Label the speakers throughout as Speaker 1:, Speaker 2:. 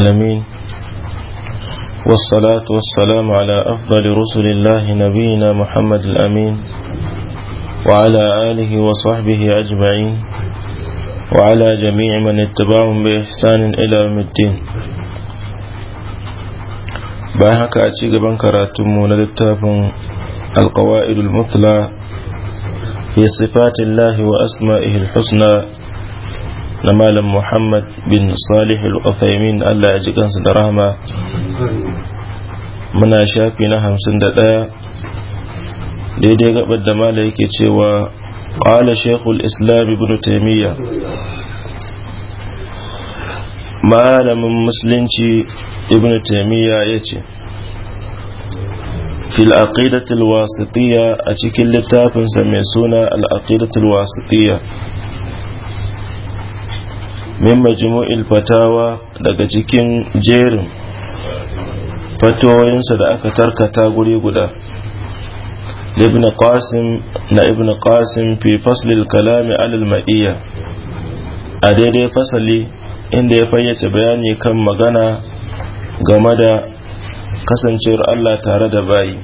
Speaker 1: العالمين والصلاة والسلام على أفضل رسل الله نبينا محمد الأمين وعلى آله وصحبه أجمعين وعلى جميع من اتبعهم بإحسان إلى يوم الدين باهك أتيك بنكراتم ولدتاب القوائد المثلى في صفات الله وأسمائه الحسنى na malam muhammad bin salih al-uthaymin allah ya ji kansa da rahama muna shafi na hamsin da ɗaya daidai gabar da mala yake cewa qala shekul islam ibn taimiyya malamin musulunci ibn taimiyya yace. في fil الواسطية wasitiyya a cikin littafinsa mai suna al min majmu'il fatawa daga cikin jerin fatoyinsa da aka tarkata guri guda ibn qasim na ibn qasim fi faslil kalami alal ma'iyya a daidai fasali inda ya fayyace bayani kan magana game da kasancewar Allah tare da bayi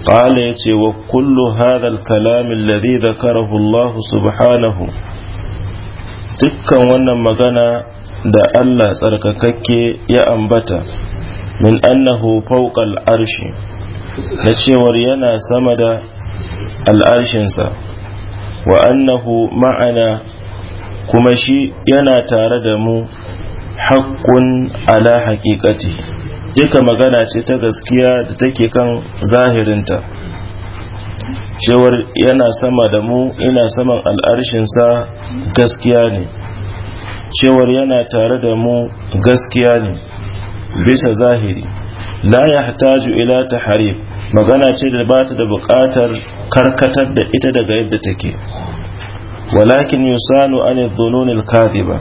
Speaker 1: قال يتي وكل هذا الكلام الذي ذكره الله سبحانه dukkan wannan magana da Allah tsarkakakke ya ambata min annahu fawqal arshi na cewar yana sama da al'arshinsa wa annahu ma'ana kuma shi yana tare da mu haƙƙun ala haƙiƙati duka magana ce ta gaskiya da take kan zahirinta cewar yana sama da mu ina saman al'arshinsa gaskiya ne cewar yana tare da mu gaskiya ne bisa zahiri la ya hataju ila ta harif magana ce da ba ta da bukatar karkatar da ita daga yadda take walakin yusanu an kazi kadhiba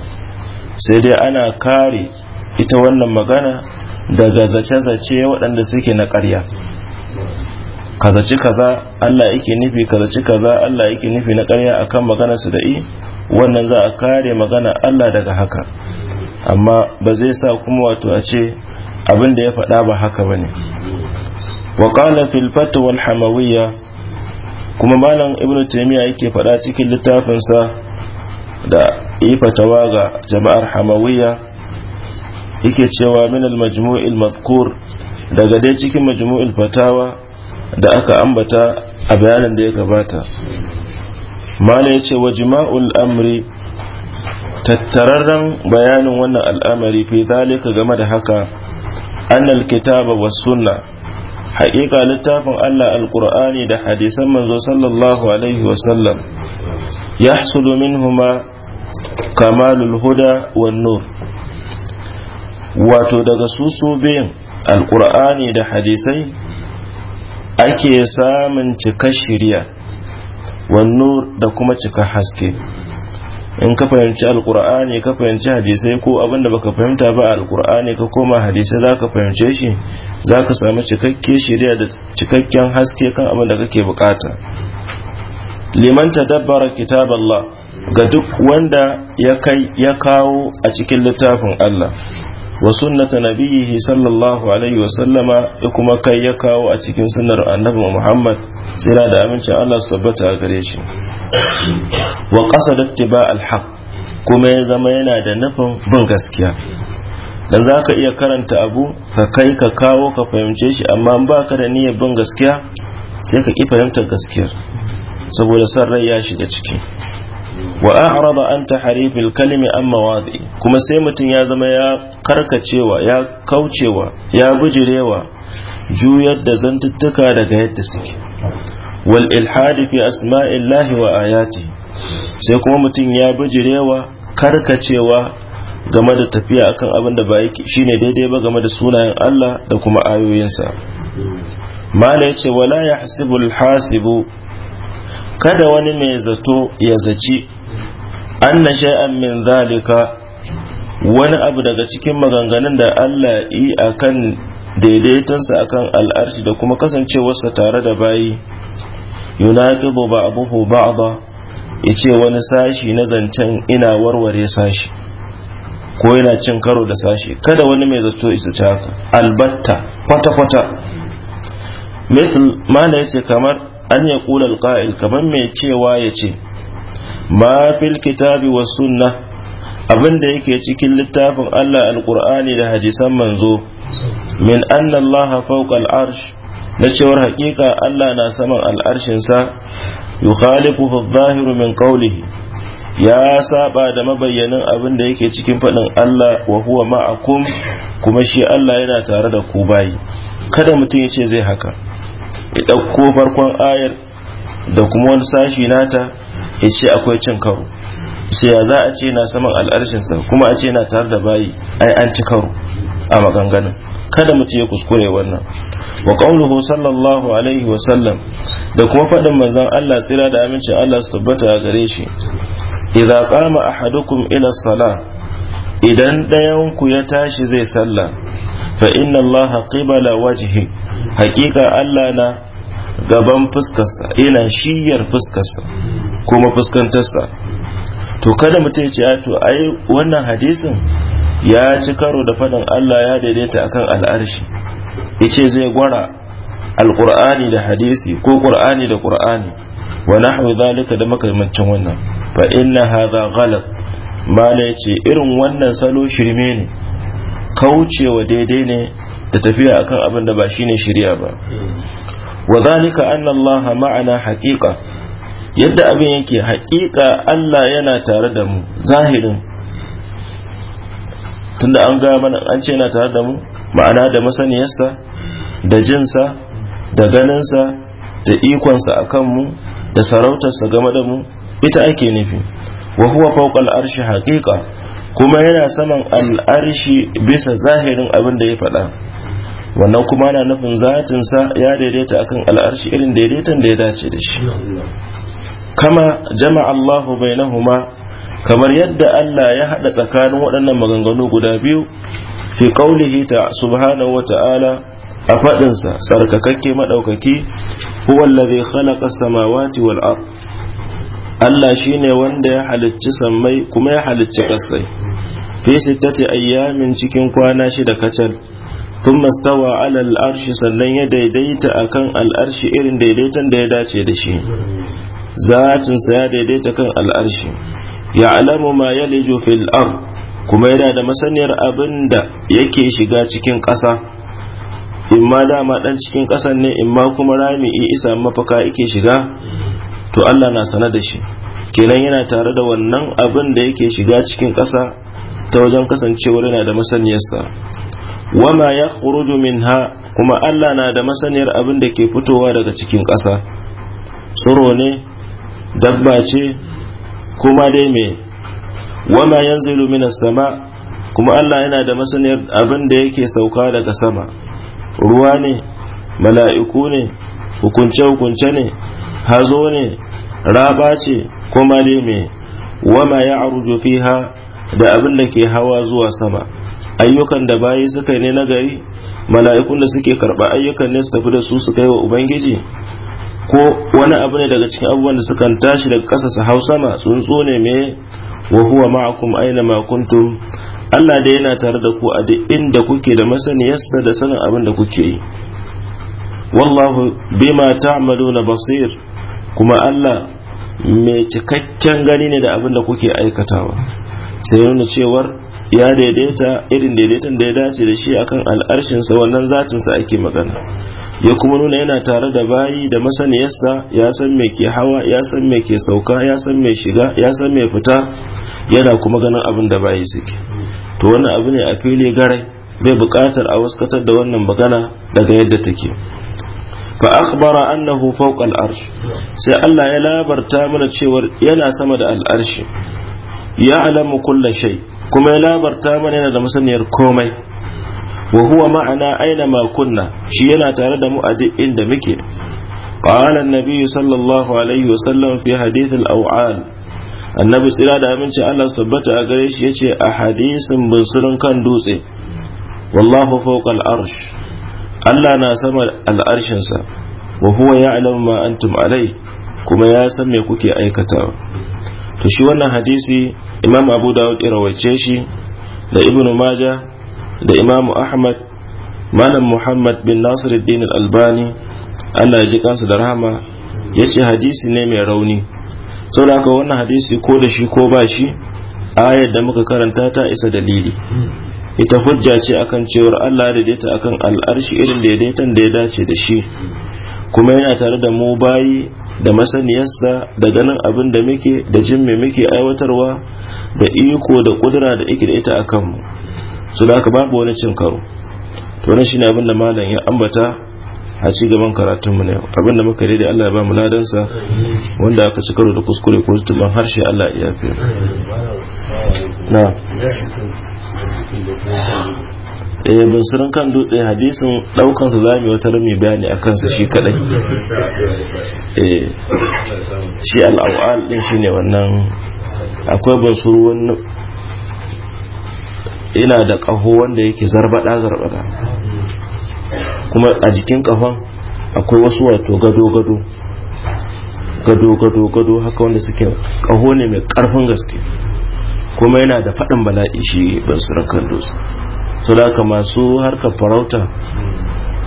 Speaker 1: sai dai ana kare ita wannan magana daga zace-zace waɗanda suke na ƙarya kazaci kaza Allah yake nufi kazaci kaza Allah yake nufi na ƙarya akan magana su da wannan za a kare magana Allah daga haka amma ba zai sa kuma wato a ce abin da ya faɗa ba haka bane wa qala fil fatwa al hamawiyya kuma malam ibnu taymiya yake faɗa cikin littafinsa da yi fatawa ga jama'ar hamawiyya yake cewa min al majmu'il madhkur daga dai cikin majmu'il fatawa da aka ambata a bayanin da ya gabata mana ya ce wa jima'ul amri tattararren bayanin wannan al'amari fi zalika game da haka annal kitaba wa sunna haƙiƙa littafin Allah alƙur'ani da hadisan manzo sallallahu alaihi wasallam ya hasulu minhuma kamalul huda wa nur wato daga su su biyan alƙur'ani da hadisai ake samun cika shirya wano da kuma cika haske in ka fahimci alkur'ani ka fahimci hadisai ko abinda baka fahimta ba alkur'ani ka koma hadisai za ka fahimce shi za ka samu cikakke shirya da cikakken haske kan abinda da kake bukata Limanta dabbara kitab Allah ga duk wanda ya ya kawo a cikin littafin Allah wa sunnata nabiyhi sallallahu alaihi wasallama ya kuma kai ya kawo a cikin sunnar annabi muhammad tsira da amincin allah su tabbata a gare shi wa qasada ittiba alhaq kuma ya zama yana da nufin bin gaskiya dan za ka iya karanta abu ka kai ka kawo ka fahimce shi amma ba ka da niyyar bin gaskiya sai ka ki fahimtar gaskiyar saboda son rai ya shiga ciki wa a'rada an tahrifil kalimi amma mawadi kuma sai mutum ya zama ya karkacewa ya kaucewa ya bijirewa juyar da zantuttuka daga yadda suke wal ilhadi fi asma'illahi wa ayati sai kuma mutum ya bijirewa karkacewa game da tafiya akan abin da ba shine daidai ba game da sunayen Allah da kuma ayoyinsa mala yace wala yahsibu hasibu kada wani mai zato ya zaci anna shay'an min zalika wani abu daga cikin maganganun da Allah yi a kan akan a kan al'arshi da kuma kasancewarsa tare da bayi yunaqibu ba ya yace wani sashi na zancen ina warware sashi ko yana cin karo da sashi kada wani mai zato isa ci haka albatta kwata kwata misal mana yace kamar an ya kula alqa'il kamar mai cewa yace ma fil kitabi was sunnah abin da yake cikin littafin Allah alkur'ani da hadisan manzo min anna Allah fawqa al-arsh na cewar haƙiƙa Allah na saman sa yukhalifu fi zahiru min qawlihi ya saba da mabayyanin abin da yake cikin faɗin Allah wa huwa ma'akum kuma shi Allah yana tare da ku bayi kada mutum ya ce zai haka ya ɗauko farkon ayar da kuma wani sashi nata ya ce akwai cin karo shi ya za a ce na saman al'arshinsa kuma a ce na tare da bayi ai an ci karo a maganganun kada mu ya kuskure wannan wa qauluhu sallallahu alaihi wa sallam da kuma faɗin manzon Allah tsira da amincin Allah su tabbata a gare shi idza qama ahadukum ila salah idan ɗayan ku ya tashi zai salla. fa inna Allah qibala wajhi haƙiƙa Allah na gaban fuskarsa ina shiyar fuskarsa kuma fuskantarsa to kada mutum ya ce a ah, to ai wannan hadisin ya ci karo da faɗin Allah ya daidaita akan al'arshi yace zai gwara alqur'ani da hadisi ko ƙur'ani da qur'ani wa nahwu zalika da makamancin wannan fa inna hadha ghalat mala yace irin wannan salo shirme ne kaucewa daidai ne da tafiya akan abin da ba shine shari'a ba wa zalika anna ma'ana haqiqa yadda abin yake haƙiƙa Allah yana tare da mu zahirin tunda an ga mana an ce yana tare da mu ma'ana da masaniyarsa da jinsa da ganinsa da ikonsa a kanmu da sarautarsa game da mu ita ake nufi wa huwa fawqa al-arshi haqiqa kuma yana saman arshi bisa zahirin abin da ya faɗa wannan kuma na nufin zatinsa ya daidaita akan al'arshi irin daidaitan da ya dace da shi kama jama Allahu bainahuma kamar yadda Allah ya hada tsakanin waɗannan maganganu guda biyu fi qaulihi ta subhanahu wa ta'ala a faɗinsa sarkakakke maɗaukaki huwa allazi khalaqa samawati wal ard Allah shine wanda ya halicci sammai kuma ya halicci ƙasai fi sittati ayyamin cikin kwana shida kacal ثم استوى alal arshi sallan ya daidaita akan al'arshi irin daidaitan da ya dace da shi zatinsa ya daidaita kan al'arshi alamu ma yaliju fil ard kuma yana da masaniyar abin da yake shiga cikin ƙasa in ma dama dan cikin ƙasan ne in ma kuma rami isa mafaka yake shiga to Allah na sana da shi kenan yana tare da wannan abin da yake shiga cikin ƙasa ta wajen kasancewar yana da masaniyarsa wama ya khuruju minha kuma Allah na da masaniyar abin da ke fitowa daga cikin ƙasa tsoro ne dabba ce kuma dai me wama yanzilu minas sama kuma Allah yana da masaniyar abin da yake sauka daga sama ruwa ne mala'iku ne hukunce-hukunce ne hazo ne raba ce kuma dai me wama ya arujo fiha da abin da ke hawa zuwa sama ayyukan da bayi suka ne na gari mala'ikun da suke karɓa ayyukan ne su tafi da su su kai wa ubangiji ko wani abu ne daga cikin abubuwan da sukan tashi daga ƙasa su hau sama tsuntsu ne me wa huwa ma'akum aina ma Allah da yana tare da ku a duk inda kuke da masaniyarsa da sanin abin da kuke yi wallahu bima ta'maluna basir kuma Allah me cikakken gani ne da abin da kuke aikatawa sai nuna cewar ya daidaita irin daidaitan da ya dace da shi akan al'arshinsa wannan zatinsa ake magana ya kuma nuna yana tare da bayi da masaniyarsa ya san me ke hawa ya san me ke sauka ya san me shiga ya san me fita yana kuma ganin abin da bayi suke to wannan abu ne a fili garai bai bukatar a waskatar da wannan magana daga yadda take fa akhbara annahu fawqa al-arsh sai Allah ya labarta mana cewa yana sama da al arsh ya alamu shay kuma ya labarta mana yana da masaniyar komai wa ma'ana aina ma kunna shi yana tare da mu a duk muke qala annabi sallallahu alaihi wasallam fi hadith al-aw'al annabi tsira da aminci Allah sabbata a gare shi yace a hadisin bunsurin kan dutse wallahu fawqa al-arsh Allah na sama al-arshin sa wa huwa ya'lamu ma antum alai kuma ya san me kuke aikatawa to shi wannan hadisi imam abu dawud ya rawaice shi da ibnu majah da Imam ahmad malam muhammad bin nasiruddin albani ana ji kansu da rahama ya ce hadisi ne mai rauni saboda haka wannan hadisi ko da shi ko ba shi ayar da muka karanta ta isa dalili ita hujja ce akan cewar allah ya daidaita akan al'arshi irin daidaitan da ya dace da shi kuma yana tare da mu bayi da masaniyarsa da ganin abin da muke da jin me muke aiwatarwa da iko da kudura da ike da ita akan mu. su da aka babu wani cin karo to ne shi ne abinda malam ya ambata a ci gaban karatun mu ne Abinda muka muka daidai Allah ya ba mu ladan sa wanda aka ci karo da kuskure ko tuban harshe Allah ya yafe na eh basirin kan dutse hadisin daukan za mu yi wata rami bayani a kansa shi kadai eh shi al-awal din shine wannan akwai basuru wani ina da ƙaho wanda yake zarbaɗa zarbaɗa kuma a jikin ƙahon akwai wasu wato gado-gado gado-gado-gado haka wanda suke ƙaho ne mai ƙarfin gaske kuma yana da faɗin bala'i shi basirar kandus su da haka masu harkar farauta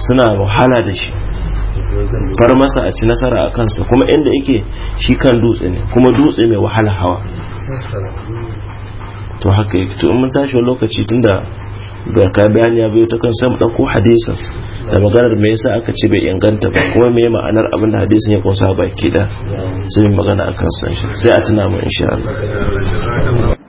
Speaker 1: suna wahala da shi far masa a ci nasara a kansa kuma inda yake shi kan dutse ne kuma dutse mai wahala hawa to haka yake to in mun tashi lokaci tunda ga ka bayani ya biyo ta kan sai mu dauko hadisin da maganar me yasa aka ce bai inganta ba kuma me ma'anar abin da hadisin ya kunsa baki da sai magana akan san shi sai a tuna mu insha Allah